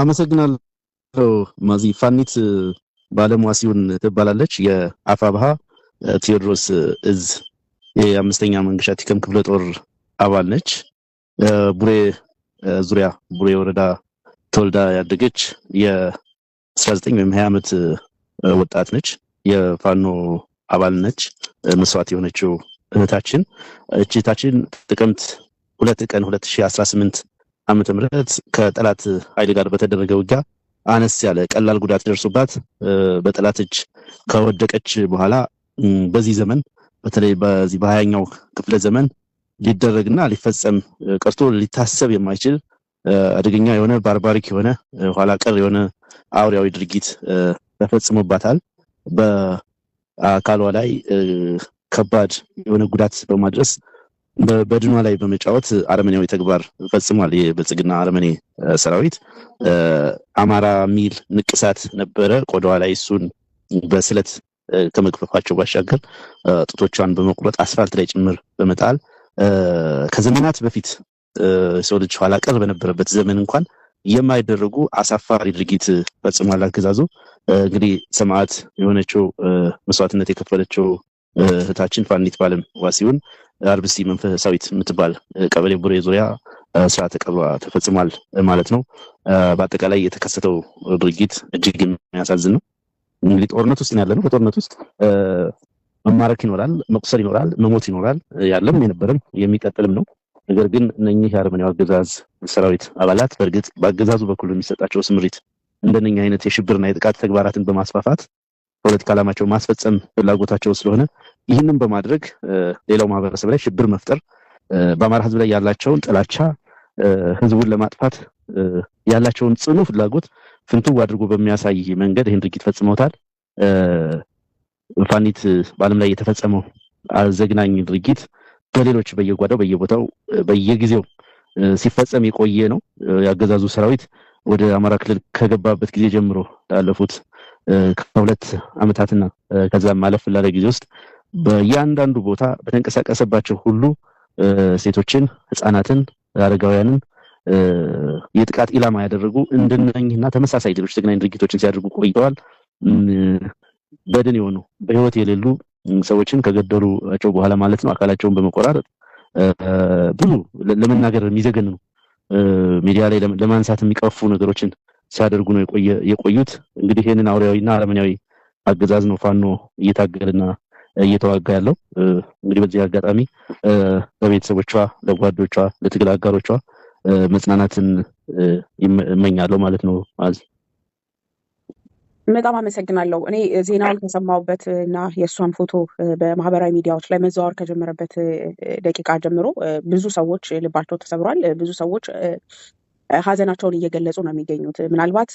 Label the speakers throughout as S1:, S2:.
S1: አመሰግናለሁ ማዚ ፋኒት ባለሙያ ትባላለች። የአፋብሃ ቴዎድሮስ እዝ የአምስተኛ መንገሻ ቲከም ክፍለ ጦር አባል ነች። ቡሬ ዙሪያ ቡሬ ወረዳ ተወልዳ ያደገች የ19 ወይም 20 ዓመት ወጣት ነች። የፋኖ አባል ነች። መስዋዕት የሆነችው እህታችን እቺ እህታችን ጥቅምት ሁለት ቀን 2018 ዓመተ ምህረት ከጠላት ኃይል ጋር በተደረገ ውጊያ አነስ ያለ ቀላል ጉዳት ደርሶባት በጠላት እጅ ከወደቀች በኋላ በዚህ ዘመን በተለይ በዚህ በሀያኛው ክፍለ ዘመን ሊደረግና ሊፈጸም ቀርቶ ሊታሰብ የማይችል አደገኛ የሆነ ባርባሪክ የሆነ ኋላ ቀር የሆነ አውሪያዊ ድርጊት ተፈጽሞባታል። በአካሏ ላይ ከባድ የሆነ ጉዳት በማድረስ በድኗ ላይ በመጫወት አረመኔያዊ ተግባር ፈጽሟል። የብልጽግና አረመኔ ሰራዊት አማራ ሚል ንቅሳት ነበረ ቆዳዋ ላይ እሱን በስለት ከመግፈፋቸው ባሻገር ጡቶቿን በመቁረጥ አስፋልት ላይ ጭምር በመጣል ከዘመናት በፊት ሰው ልጅ ኋላ ቀር በነበረበት ዘመን እንኳን የማይደረጉ አሳፋሪ ድርጊት ፈጽሟል አገዛዙ። እንግዲህ ሰማዕት የሆነችው መስዋዕትነት የከፈለችው እህታችን ፋኒት ባለም ዋሲሁን አርብስቲ መንፈሳዊት የምትባል ቀበሌ ቡሬ ዙሪያ ስርዓተ ቀብሯ ተፈጽሟል ማለት ነው። በአጠቃላይ የተከሰተው ድርጊት እጅግ የሚያሳዝን ነው። እንግዲህ ጦርነት ውስጥ ያለ ነው። በጦርነት ውስጥ መማረክ ይኖራል፣ መቁሰል ይኖራል፣ መሞት ይኖራል። ያለም የነበረም የሚቀጥልም ነው። ነገር ግን እነኚህ የአርመኒያው አገዛዝ ሰራዊት አባላት በእርግጥ በአገዛዙ በኩል የሚሰጣቸው ስምሪት እንደነኛ አይነት የሽብርና የጥቃት ተግባራትን በማስፋፋት ፖለቲካ ዓላማቸው ማስፈጸም ፍላጎታቸው ስለሆነ ይህንን በማድረግ ሌላው ማህበረሰብ ላይ ሽብር መፍጠር በአማራ ህዝብ ላይ ያላቸውን ጥላቻ ህዝቡን ለማጥፋት ያላቸውን ጽኑ ፍላጎት ፍንትው አድርጎ በሚያሳይ መንገድ ይህን ድርጊት ፈጽመውታል። ፋኒት በዓለም ላይ የተፈጸመው አዘግናኝ ድርጊት በሌሎች በየጓዳው በየቦታው በየጊዜው ሲፈጸም የቆየ ነው። የአገዛዙ ሰራዊት ወደ አማራ ክልል ከገባበት ጊዜ ጀምሮ ላለፉት ከሁለት ዓመታትና ከዛም ማለፍ ላለ ጊዜ ውስጥ በእያንዳንዱ ቦታ በተንቀሳቀሰባቸው ሁሉ ሴቶችን፣ ህጻናትን አረጋውያንን የጥቃት ኢላማ ያደረጉ እንደነኝና ተመሳሳይ ሌሎች ዘግናኝ ድርጊቶችን ሲያደርጉ ቆይተዋል። በድን የሆኑ በህይወት የሌሉ ሰዎችን ከገደሉቸው በኋላ ማለት ነው አካላቸውን በመቆራረጥ ብዙ ለመናገር የሚዘገንኑ ሚዲያ ላይ ለማንሳት የሚቀፉ ነገሮችን ሲያደርጉ ነው የቆዩት። እንግዲህ ይህንን አውሬያዊና አረመኔያዊ አገዛዝ ነው ፋኖ እየታገልና እየተዋጋ ያለው። እንግዲህ በዚህ አጋጣሚ ለቤተሰቦቿ፣ ለጓዶቿ፣ ለትግል አጋሮቿ መጽናናትን ይመኛለው ማለት ነው። ማለት
S2: በጣም አመሰግናለሁ። እኔ ዜናውን ከሰማሁበት እና የእሷን ፎቶ በማህበራዊ ሚዲያዎች ላይ መዘዋወር ከጀመረበት ደቂቃ ጀምሮ ብዙ ሰዎች ልባቸው ተሰብሯል። ብዙ ሰዎች ሀዘናቸውን እየገለጹ ነው የሚገኙት። ምናልባት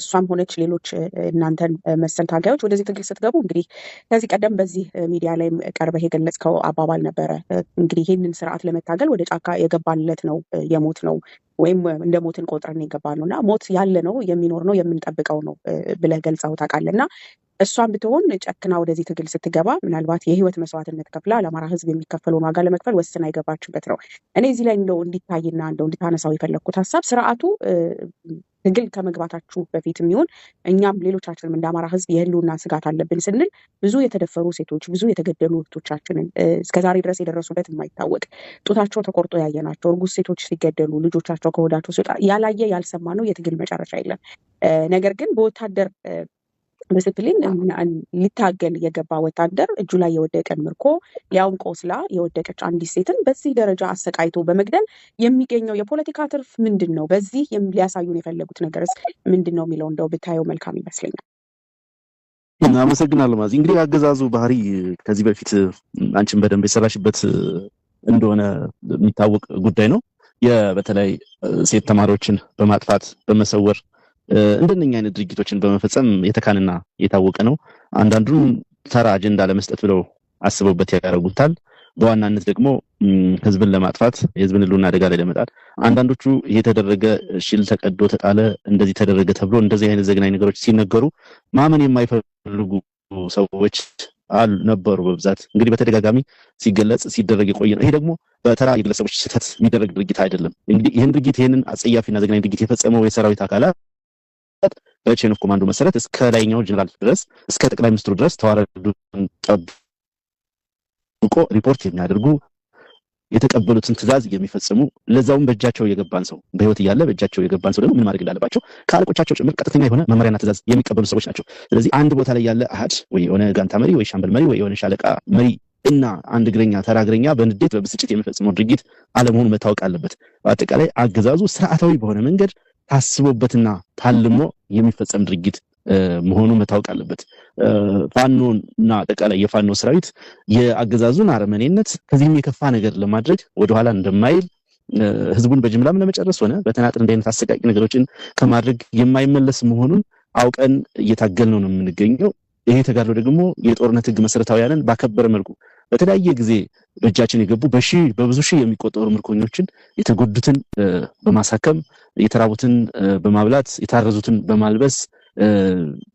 S2: እሷም ሆነች ሌሎች እናንተን መሰል ታጋዮች ወደዚህ ትግል ስትገቡ እንግዲህ ከዚህ ቀደም በዚህ ሚዲያ ላይ ቀርበህ የገለጽከው አባባል ነበረ። እንግዲህ ይህንን ስርዓት ለመታገል ወደ ጫካ የገባንለት ነው የሞት ነው ወይም እንደ ሞትን ቆጥረን የገባ ነው እና ሞት ያለ ነው የሚኖር ነው የምንጠብቀው ነው ብለህ ገልጸው ታውቃለህ እና እሷን ብትሆን ጨክና ወደዚህ ትግል ስትገባ ምናልባት የህይወት መስዋዕትነት ከፍላ ለአማራ ህዝብ የሚከፈለውን ዋጋ ለመክፈል ወስን አይገባችበት ነው። እኔ እዚህ ላይ እንደው እንዲታይና እንደው እንድታነሳው የፈለግኩት ሀሳብ ስርዓቱ ትግል ከመግባታችሁ በፊት የሚሆን እኛም ሌሎቻችንም እንደ አማራ ህዝብ የህልውና ስጋት አለብን ስንል ብዙ የተደፈሩ ሴቶች፣ ብዙ የተገደሉ እህቶቻችንን እስከዛሬ ድረስ የደረሱበት የማይታወቅ ጡታቸው ተቆርጦ ያየናቸው እርጉዝ ሴቶች ሲገደሉ ልጆቻቸው ከሆዳቸው ሲወጣ ያላየ ያልሰማ ነው የትግል መጨረሻ የለም። ነገር ግን በወታደር ዲስፕሊን ሊታገል የገባ ወታደር እጁ ላይ የወደቀን ምርኮ ያውም ቆስላ የወደቀች አንዲት ሴትን በዚህ ደረጃ አሰቃይቶ በመግደል የሚገኘው የፖለቲካ ትርፍ ምንድን ነው? በዚህ ሊያሳዩን የፈለጉት ነገርስ ምንድን ነው የሚለው እንደው ብታየው መልካም ይመስለኛል።
S1: አመሰግናለሁ። ማዚ እንግዲህ አገዛዙ ባህሪ ከዚህ በፊት አንቺን በደንብ የሰራሽበት እንደሆነ የሚታወቅ ጉዳይ ነው። በተለይ ሴት ተማሪዎችን በማጥፋት በመሰወር እንደነኛ አይነት ድርጊቶችን በመፈጸም የተካንና የታወቀ ነው። አንዳንዱም ተራ አጀንዳ ለመስጠት ብለው አስበውበት ያደረጉታል። በዋናነት ደግሞ ህዝብን ለማጥፋት የህዝብን ህልውና አደጋ ላይ ለመጣል አንዳንዶቹ የተደረገ ሽል ተቀዶ ተጣለ እንደዚህ ተደረገ ተብሎ እንደዚህ አይነት ዘግናኝ ነገሮች ሲነገሩ ማመን የማይፈልጉ ሰዎች አሉ ነበሩ። በብዛት እንግዲህ በተደጋጋሚ ሲገለጽ ሲደረግ የቆየ ነው። ይሄ ደግሞ በተራ የግለሰቦች ስህተት የሚደረግ ድርጊት አይደለም። እንግዲህ ይህን ድርጊት ይህንን አጸያፊና ዘግናኝ ድርጊት የፈጸመው የሰራዊት አካላት በቼን ኦፍ ኮማንዶ መሰረት እስከ ላይኛው ጀነራል ድረስ እስከ ጠቅላይ ሚኒስትሩ ድረስ ተዋረዱን ጠብቆ ሪፖርት የሚያደርጉ የተቀበሉትን ትዕዛዝ የሚፈጽሙ ለዛውም በእጃቸው የገባን ሰው በህይወት እያለ በእጃቸው የገባን ሰው ደግሞ ምን ማድረግ እንዳለባቸው ከአለቆቻቸው ጭምር ቀጥተኛ የሆነ መመሪያና ትዕዛዝ የሚቀበሉ ሰዎች ናቸው። ስለዚህ አንድ ቦታ ላይ ያለ አሃድ ወይ የሆነ ጋንታ መሪ ወይ ሻምበል መሪ ወይ የሆነ ሻለቃ መሪ እና አንድ እግረኛ ተራ እግረኛ በንዴት በብስጭት የሚፈጽመው ድርጊት አለመሆኑ መታወቅ አለበት። በአጠቃላይ አገዛዙ ስርዓታዊ በሆነ መንገድ ታስቦበትና ታልሞ የሚፈጸም ድርጊት መሆኑ መታወቅ አለበት። ፋኖን እና አጠቃላይ የፋኖ ሰራዊት የአገዛዙን አረመኔነት ከዚህም የከፋ ነገር ለማድረግ ወደኋላ እንደማይል ህዝቡን በጅምላም ለመጨረስ ሆነ በተናጥር እንዲህ አይነት አሰቃቂ ነገሮችን ከማድረግ የማይመለስ መሆኑን አውቀን እየታገል ነው ነው የምንገኘው። ይሄ ተጋድሎ ደግሞ የጦርነት ህግ መሰረታዊያንን ባከበረ መልኩ በተለያየ ጊዜ በእጃችን የገቡ በሺ በብዙ ሺህ የሚቆጠሩ ምርኮኞችን የተጎዱትን በማሳከም የተራቡትን በማብላት የታረዙትን በማልበስ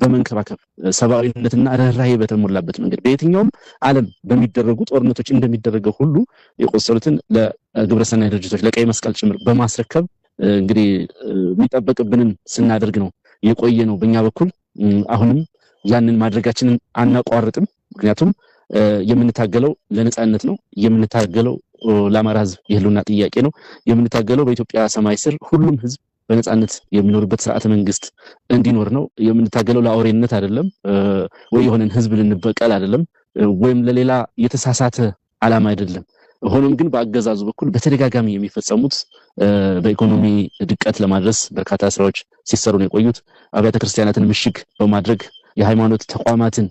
S1: በመንከባከብ ሰብአዊነትና ርኅራሄ በተሞላበት መንገድ በየትኛውም ዓለም በሚደረጉ ጦርነቶች እንደሚደረገው ሁሉ የቆሰሉትን ለግብረሰናይ ድርጅቶች ለቀይ መስቀል ጭምር በማስረከብ እንግዲህ የሚጠበቅብንን ስናደርግ ነው የቆየ ነው። በእኛ በኩል አሁንም ያንን ማድረጋችንን አናቋርጥም። ምክንያቱም የምንታገለው ለነፃነት ነው። የምንታገለው ለአማራ ህዝብ የህልውና ጥያቄ ነው። የምንታገለው በኢትዮጵያ ሰማይ ስር ሁሉም ህዝብ በነፃነት የሚኖርበት ስርዓተ መንግስት እንዲኖር ነው የምንታገለው። ለአውሬነት አይደለም ወይ የሆነን ህዝብ ልንበቀል አይደለም ወይም ለሌላ የተሳሳተ አላማ አይደለም። ሆኖም ግን በአገዛዙ በኩል በተደጋጋሚ የሚፈጸሙት በኢኮኖሚ ድቀት ለማድረስ በርካታ ስራዎች ሲሰሩ ነው የቆዩት። አብያተ ክርስቲያናትን ምሽግ በማድረግ የሃይማኖት ተቋማትን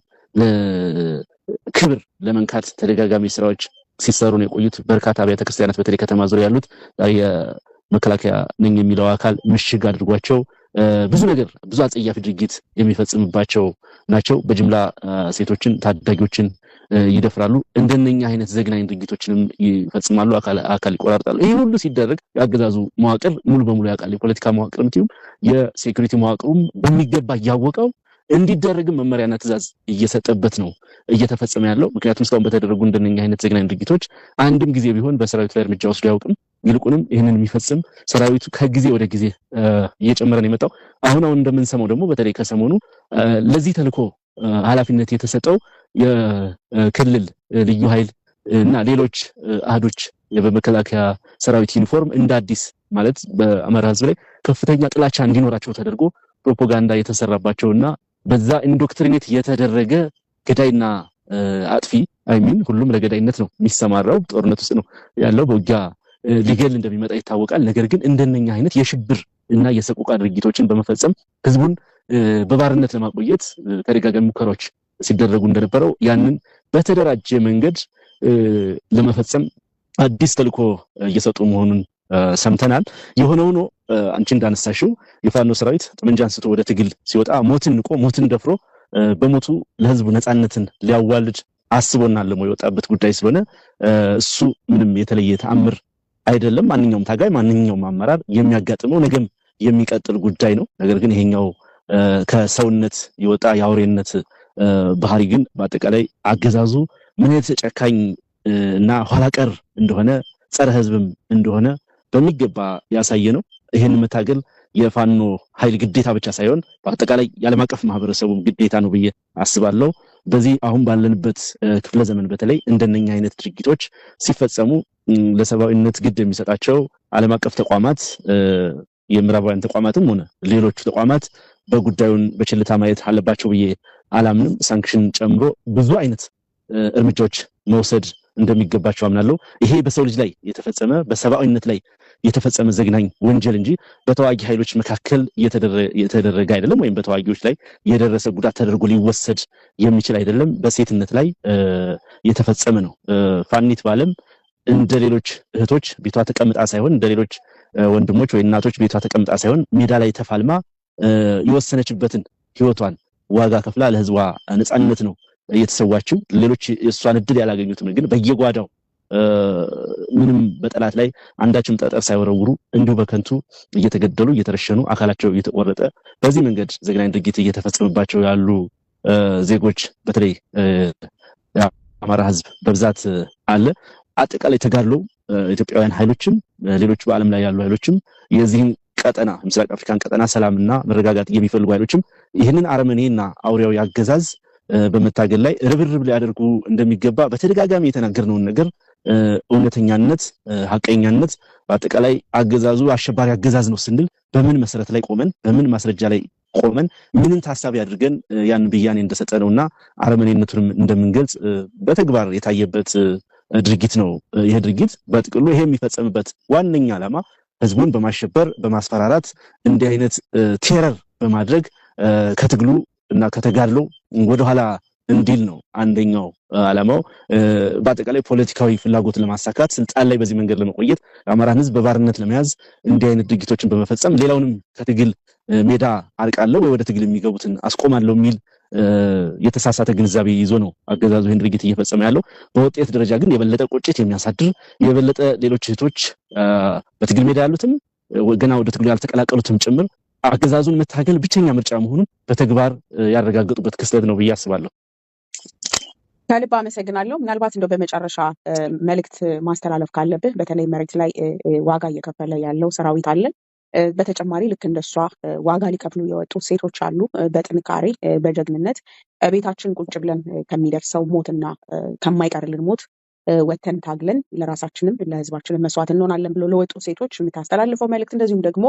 S1: ክብር ለመንካት ተደጋጋሚ ስራዎች ሲሰሩ ነው የቆዩት። በርካታ አብያተ ክርስቲያናት በተለይ ከተማ ዙሪያ ያሉት የመከላከያ ነኝ የሚለው አካል ምሽግ አድርጓቸው ብዙ ነገር ብዙ አጸያፊ ድርጊት የሚፈጽምባቸው ናቸው። በጅምላ ሴቶችን፣ ታዳጊዎችን ይደፍራሉ። እንደነኛ አይነት ዘግናኝ ድርጊቶችንም ይፈጽማሉ፣ አካል ይቆራርጣሉ። ይህ ሁሉ ሲደረግ የአገዛዙ መዋቅር ሙሉ በሙሉ ያውቃል። የፖለቲካ መዋቅር ምትም የሴኩሪቲ መዋቅሩም በሚገባ እያወቀው እንዲደረግ መመሪያና ትእዛዝ እየሰጠበት ነው እየተፈጸመ ያለው። ምክንያቱም እስካሁን በተደረጉ እንደነኛ አይነት ዘግናኝ ድርጊቶች አንድም ጊዜ ቢሆን በሰራዊት ላይ እርምጃ ወስዶ አያውቅም። ይልቁንም ይህንን የሚፈጽም ሰራዊቱ ከጊዜ ወደ ጊዜ እየጨመረ ነው የመጣው። አሁን አሁን እንደምንሰማው ደግሞ በተለይ ከሰሞኑ ለዚህ ተልኮ ኃላፊነት የተሰጠው የክልል ልዩ ኃይል እና ሌሎች አህዶች በመከላከያ ሰራዊት ዩኒፎርም እንደ አዲስ ማለት በአማራ ሕዝብ ላይ ከፍተኛ ጥላቻ እንዲኖራቸው ተደርጎ ፕሮፓጋንዳ የተሰራባቸው እና በዛ ኢንዶክትሪኔት የተደረገ ገዳይና አጥፊ አይሚን ሁሉም ለገዳይነት ነው የሚሰማራው። ጦርነት ውስጥ ነው ያለው። በውጊያ ሊገል እንደሚመጣ ይታወቃል። ነገር ግን እንደነኛ አይነት የሽብር እና የሰቆቃ ድርጊቶችን በመፈጸም ህዝቡን በባርነት ለማቆየት ተደጋጋሚ ሙከራዎች ሲደረጉ እንደነበረው ያንን በተደራጀ መንገድ ለመፈጸም አዲስ ተልኮ እየሰጡ መሆኑን ሰምተናል። የሆነ ሆኖ አንቺ እንዳነሳሽው የፋኖ ሰራዊት ጠመንጃ አንስቶ ወደ ትግል ሲወጣ ሞትን ንቆ ሞትን ደፍሮ በሞቱ ለህዝቡ ነፃነትን ሊያዋልድ አስቦና ለሞ የወጣበት ጉዳይ ስለሆነ እሱ ምንም የተለየ ተአምር አይደለም። ማንኛውም ታጋይ፣ ማንኛውም አመራር የሚያጋጥመው ነገም የሚቀጥል ጉዳይ ነው። ነገር ግን ይሄኛው ከሰውነት የወጣ የአውሬነት ባህሪ ግን በአጠቃላይ አገዛዙ ምን አይነት ጨካኝ እና ኋላቀር እንደሆነ ጸረ ህዝብም እንደሆነ በሚገባ ያሳየ ነው። ይህን መታገል የፋኖ ኃይል ግዴታ ብቻ ሳይሆን በአጠቃላይ የዓለም አቀፍ ማህበረሰቡም ግዴታ ነው ብዬ አስባለሁ። በዚህ አሁን ባለንበት ክፍለ ዘመን በተለይ እንደነኛ አይነት ድርጊቶች ሲፈጸሙ ለሰብአዊነት ግድ የሚሰጣቸው ዓለም አቀፍ ተቋማት የምዕራባውያን ተቋማትም ሆነ ሌሎቹ ተቋማት በጉዳዩን በችልታ ማየት አለባቸው ብዬ አላምንም። ሳንክሽን ጨምሮ ብዙ አይነት እርምጃዎች መውሰድ እንደሚገባቸው አምናለሁ። ይሄ በሰው ልጅ ላይ የተፈጸመ በሰብአዊነት ላይ የተፈጸመ ዘግናኝ ወንጀል እንጂ በተዋጊ ኃይሎች መካከል የተደረገ አይደለም፣ ወይም በተዋጊዎች ላይ የደረሰ ጉዳት ተደርጎ ሊወሰድ የሚችል አይደለም። በሴትነት ላይ የተፈጸመ ነው። ፋኒት ባለም እንደ ሌሎች እህቶች ቤቷ ተቀምጣ ሳይሆን እንደ ሌሎች ወንድሞች ወይ እናቶች ቤቷ ተቀምጣ ሳይሆን ሜዳ ላይ ተፋልማ የወሰነችበትን ህይወቷን ዋጋ ከፍላ ለህዝቧ ነፃነት ነው እየተሰዋችው ሌሎች የእሷን እድል ያላገኙትም ግን በየጓዳው ምንም በጠላት ላይ አንዳችም ጠጠር ሳይወረውሩ እንዲሁ በከንቱ እየተገደሉ እየተረሸኑ አካላቸው እየተቆረጠ በዚህ መንገድ ዘግናኝ ድርጊት እየተፈጸመባቸው ያሉ ዜጎች በተለይ አማራ ሕዝብ በብዛት አለ። አጠቃላይ ተጋድሎ ኢትዮጵያውያን ኃይሎችም ሌሎች በዓለም ላይ ያሉ ኃይሎችም የዚህን ቀጠና ምስራቅ አፍሪካን ቀጠና ሰላምና መረጋጋት የሚፈልጉ ኃይሎችም ይህንን አረመኔና አውሪያዊ አገዛዝ በመታገል ላይ ርብርብ ሊያደርጉ እንደሚገባ በተደጋጋሚ የተናገርነውን ነገር እውነተኛነት፣ ሀቀኛነት በአጠቃላይ አገዛዙ አሸባሪ አገዛዝ ነው ስንል በምን መሰረት ላይ ቆመን በምን ማስረጃ ላይ ቆመን ምንን ታሳቢ አድርገን ያን ብያኔ እንደሰጠ ነው እና አረመኔነቱንም እንደምንገልጽ በተግባር የታየበት ድርጊት ነው። ይህ ድርጊት በጥቅሉ ይሄ የሚፈጸምበት ዋነኛ ዓላማ ህዝቡን በማሸበር በማስፈራራት እንዲህ አይነት ቴረር በማድረግ ከትግሉ እና ከተጋድሎ ወደኋላ እንዲል ነው አንደኛው አላማው በአጠቃላይ ፖለቲካዊ ፍላጎት ለማሳካት ስልጣን ላይ በዚህ መንገድ ለመቆየት የአማራን ህዝብ በባርነት ለመያዝ እንዲህ አይነት ድርጊቶችን በመፈጸም ሌላውንም ከትግል ሜዳ አርቃለሁ ወይ ወደ ትግል የሚገቡትን አስቆማለሁ የሚል የተሳሳተ ግንዛቤ ይዞ ነው አገዛዙ ይህን ድርጊት እየፈጸመ ያለው። በውጤት ደረጃ ግን የበለጠ ቁጭት የሚያሳድር የበለጠ ሌሎች እህቶች በትግል ሜዳ ያሉትም ገና ወደ ትግሉ ያልተቀላቀሉትም ጭምር አገዛዙን መታገል ብቸኛ ምርጫ መሆኑን በተግባር ያረጋገጡበት ክስተት ነው ብዬ አስባለሁ።
S2: ከልብ አመሰግናለሁ። ምናልባት እንደው በመጨረሻ መልእክት ማስተላለፍ ካለብህ በተለይ መሬት ላይ ዋጋ እየከፈለ ያለው ሰራዊት አለን። በተጨማሪ ልክ እንደሷ ዋጋ ሊከፍሉ የወጡ ሴቶች አሉ። በጥንካሬ በጀግንነት ቤታችን ቁጭ ብለን ከሚደርሰው ሞትና ከማይቀርልን ሞት ወተን ታግለን ለራሳችንም ለህዝባችንም መስዋዕት እንሆናለን ብሎ ለወጡ ሴቶች የምታስተላልፈው መልእክት እንደዚሁም ደግሞ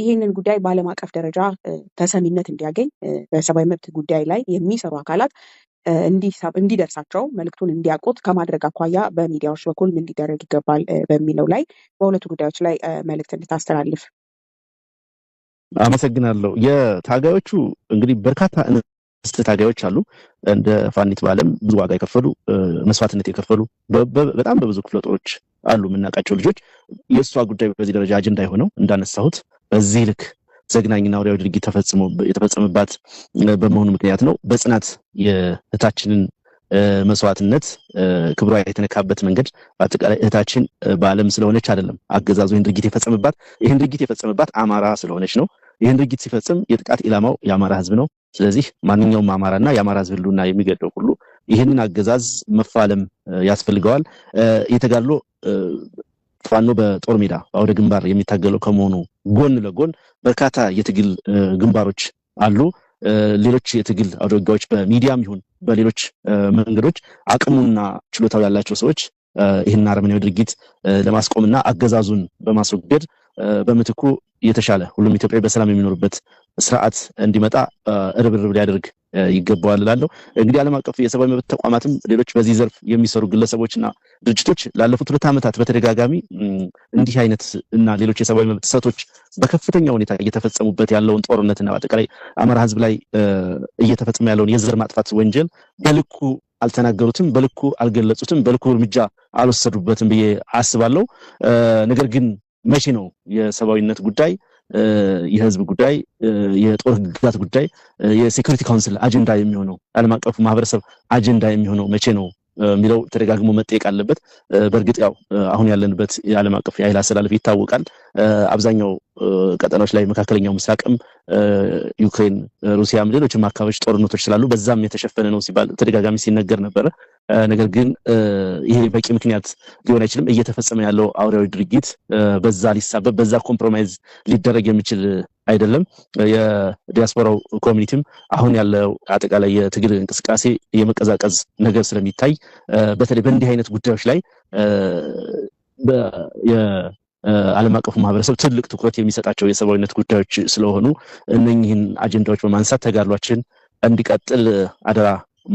S2: ይህንን ጉዳይ በዓለም አቀፍ ደረጃ ተሰሚነት እንዲያገኝ በሰብአዊ መብት ጉዳይ ላይ የሚሰሩ አካላት እንዲደርሳቸው መልእክቱን እንዲያውቁት ከማድረግ አኳያ በሚዲያዎች በኩል ምን ሊደረግ ይገባል በሚለው ላይ በሁለቱ ጉዳዮች ላይ መልእክት እንድታስተላልፍ
S1: አመሰግናለሁ። የታጋዮቹ እንግዲህ በርካታ ስት ታጋዮች አሉ። እንደ ፋኒት በዓለም ብዙ ዋጋ የከፈሉ መስዋዕትነት የከፈሉ በጣም በብዙ ክፍለ ጦሮች አሉ የምናውቃቸው ልጆች። የእሷ ጉዳይ በዚህ ደረጃ አጀንዳ የሆነው እንዳነሳሁት በዚህ ልክ ዘግናኝና አውሬያዊ ድርጊት የተፈጸመባት በመሆኑ ምክንያት ነው። በጽናት የእህታችንን መስዋዕትነት ክብሯ የተነካበት መንገድ በአጠቃላይ እህታችን በዓለም ስለሆነች አይደለም አገዛዙ ይህን ድርጊት የፈጸምባት ይህን ድርጊት የፈጸምባት አማራ ስለሆነች ነው። ይህን ድርጊት ሲፈጽም የጥቃት ኢላማው የአማራ ህዝብ ነው። ስለዚህ ማንኛውም አማራና የአማራ ህዝብ ህልውና የሚገደው ሁሉ ይህንን አገዛዝ መፋለም ያስፈልገዋል። የተጋድሎ ፋኖ በጦር ሜዳ አውደ ግንባር የሚታገለው ከመሆኑ ጎን ለጎን በርካታ የትግል ግንባሮች አሉ። ሌሎች የትግል አውደ በሚዲያም ይሁን በሌሎች መንገዶች አቅሙና ችሎታው ያላቸው ሰዎች ይህን አረመኔያዊ ድርጊት ለማስቆምና አገዛዙን በማስወገድ በምትኩ የተሻለ ሁሉም ኢትዮጵያዊ በሰላም የሚኖርበት ስርዓት እንዲመጣ ርብርብ ሊያደርግ ይገባዋል እላለሁ። እንግዲህ ዓለም አቀፍ የሰብአዊ መብት ተቋማትም ሌሎች በዚህ ዘርፍ የሚሰሩ ግለሰቦችና ድርጅቶች ላለፉት ሁለት ዓመታት በተደጋጋሚ እንዲህ አይነት እና ሌሎች የሰብአዊ መብት ጥሰቶች በከፍተኛ ሁኔታ እየተፈጸሙበት ያለውን ጦርነትና በአጠቃላይ አማራ ሕዝብ ላይ እየተፈጸመ ያለውን የዘር ማጥፋት ወንጀል በልኩ አልተናገሩትም፣ በልኩ አልገለጹትም፣ በልኩ እርምጃ አልወሰዱበትም ብዬ አስባለሁ። ነገር ግን መቼ ነው የሰብአዊነት ጉዳይ የህዝብ ጉዳይ፣ የጦር ህግጋት ጉዳይ የሴኩሪቲ ካውንስል አጀንዳ የሚሆነው አለም አቀፉ ማህበረሰብ አጀንዳ የሚሆነው መቼ ነው የሚለው ተደጋግሞ መጠየቅ አለበት። በእርግጥ ያው አሁን ያለንበት የዓለም አቀፍ የኃይል አሰላለፍ ይታወቃል። አብዛኛው ቀጠናዎች ላይ መካከለኛው ምስራቅም፣ ዩክሬን፣ ሩሲያም ሌሎችም አካባቢዎች ጦርነቶች ስላሉ በዛም የተሸፈነ ነው ሲባል ተደጋጋሚ ሲነገር ነበረ። ነገር ግን ይሄ በቂ ምክንያት ሊሆን አይችልም። እየተፈጸመ ያለው አውሬያዊ ድርጊት በዛ ሊሳበብ በዛ ኮምፕሮማይዝ ሊደረግ የሚችል አይደለም የዲያስፖራው ኮሚኒቲም አሁን ያለው አጠቃላይ የትግል እንቅስቃሴ የመቀዛቀዝ ነገር ስለሚታይ በተለይ በእንዲህ አይነት ጉዳዮች ላይ ዓለም አቀፉ ማህበረሰብ ትልቅ ትኩረት የሚሰጣቸው የሰብአዊነት ጉዳዮች ስለሆኑ እነኚህን አጀንዳዎች በማንሳት ተጋድሏችን እንዲቀጥል አደራ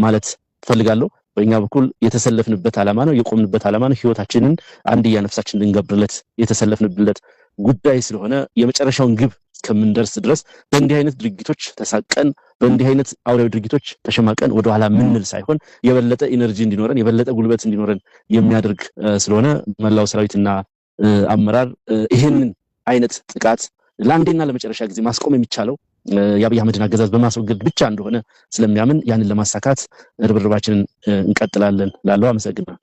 S1: ማለት ፈልጋለሁ። በእኛ በኩል የተሰለፍንበት ዓላማ ነው፣ የቆምንበት ዓላማ ነው። ህይወታችንን አንድያ ነፍሳችን ልንገብርለት የተሰለፍንብለት ጉዳይ ስለሆነ የመጨረሻውን ግብ እስከምንደርስ ድረስ በእንዲህ አይነት ድርጊቶች ተሳቀን በእንዲህ አይነት አውሬያዊ ድርጊቶች ተሸማቀን ወደኋላ ምንል ሳይሆን የበለጠ ኢነርጂ እንዲኖረን የበለጠ ጉልበት እንዲኖረን የሚያደርግ ስለሆነ መላው ሰራዊትና አመራር ይህንን አይነት ጥቃት ለአንዴና ለመጨረሻ ጊዜ ማስቆም የሚቻለው የአብይ አህመድን አገዛዝ በማስወገድ ብቻ እንደሆነ ስለሚያምን ያንን ለማሳካት ርብርባችንን እንቀጥላለን። ላለው አመሰግናል።